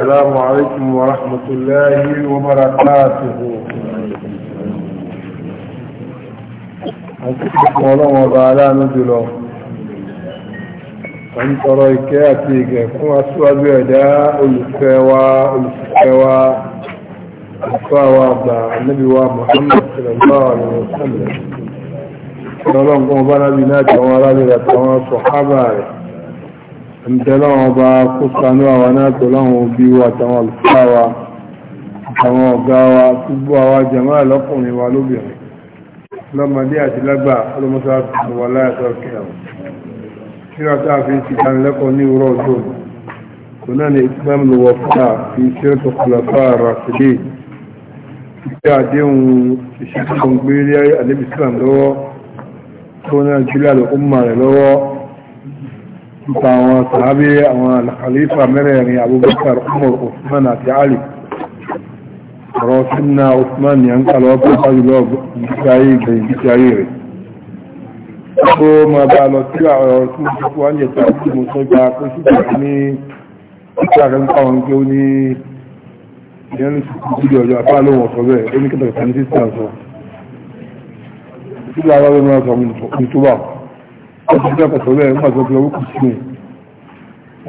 السلام عليكم ورحمة الله وبركاته أتكلم الله وبعلا نجله أن ترى كاتيك كما سوى بيداء الفاوى الفاوى الفاوى النبي محمد صلى الله عليه وسلم ọlọ́run kan bá nábi náà tàwọn aráàlú àtàwọn ìtẹ́lọ́wọ́ bá kó sanú àwọn náà tọ́lọ́wọ́ bí wà tàwọn àlùfáà wa àwọn ọ̀gá wa gbogbo àwọn jàmáà lọ́kùnrin wa lóbìnrin lọ́mọdé àti lágbà ọlọ́mọsá wà láyàtọ̀ kẹwàá síra tá a fi ń ṣìkan lẹ́kọ̀ọ́ ní ìwúrọ̀ ọjọ́ kò náà ní islam ló wọ fún náà fi nípa àwọn sàábé àwọn alkhalifa mẹ́rẹ̀ẹ̀rin abubakar umar usman àti ali ọ̀rọ̀ sínú usman ni a ń kàlọ́ ọgbọ́n pàdé lọ gbígbáyé rẹ̀ ó ma bá lọ sí ọ̀rọ̀ tí mo fún wáyé tó ní ọjọ́ àkẹ́kọ̀ọ́ àwọn pé ó ní ìyẹn ní ṣùgbọ́n ọjọ́ apá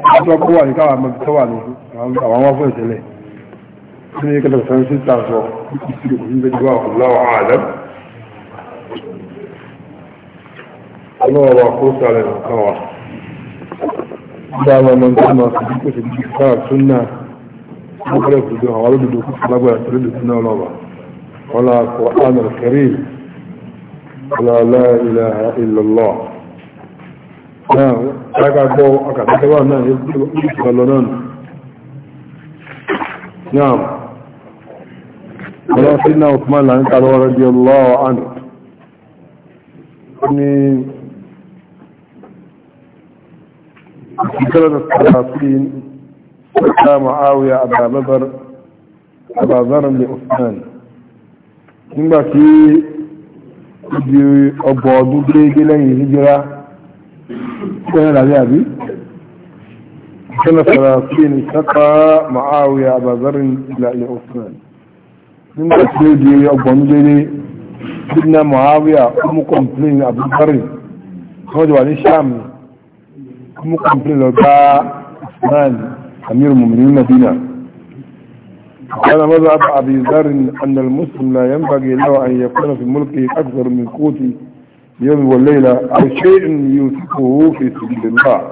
ọjọ́ kó wà ní káwà mọ́ tó wà ní àwọn wọ́n fún ìṣẹ̀lẹ̀ tí ní kẹta sọ sí tàṣọ ìṣẹ̀lẹ̀ kò ní bẹ́ jùlọ ọ̀lọ́wọ̀ àdám ọlọ́wọ̀ kó sàrẹ̀ káwà dáwọn ọmọ tó máa fi kó sì bí káwà tún náà ó kọ́lẹ̀ kùdó àwọn olódodo kó sì lágbára tó lódodo náà lọ́wọ́ ọlá àgbàgbọ́ àkàtàkẹwà náà ní ìgbàlọ náà náà ní ìkẹ́lẹ̀ tàbí ta ma'áwíyà àbàbàbàrin lè ọ̀sán nígbàtí ibi ọgbọ̀ ọdún gẹ́gẹ́ lẹ́yìn hijira كان العذابي كان فلسطين التقى معاوية أبا ذر إلى عثمان من تسليدي أبو مجيني سيدنا معاوية أم كومبلين أبو ذر خرجوا عن الشام أم كومبلين لقاء عثمان أمير المؤمنين المدينة كان مذهب أبي ذر أن المسلم لا ينبغي له أن يكون في ملكه أكثر من قوته يوم والليلة أو شيء ينفقه في سبيل الله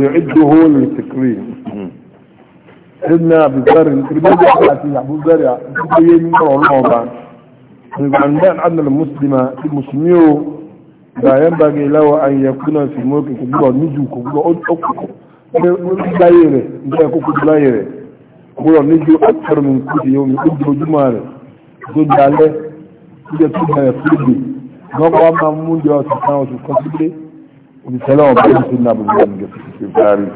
يعده للتكريم سيدنا أبو ذر المدى التي أبو ذر يقول من الله عن من أن المسلم المسلمين لا ينبغي له أن يكون في ملك كبيرة نجو كبيرة أكبر kúrò níjú akẹ́rù mi kúrò yóò mi kúrò jùmọ̀ rẹ̀ tó jalẹ́ tó jẹ́ tó jẹ́ fúrúgbìn lọ́kọ́ máa mú jọ ọ̀sán oṣù kan sílé òṣìṣẹ́ lọ́wọ́ bá ń ṣe ní àbúrò ìgbésí ìgbárí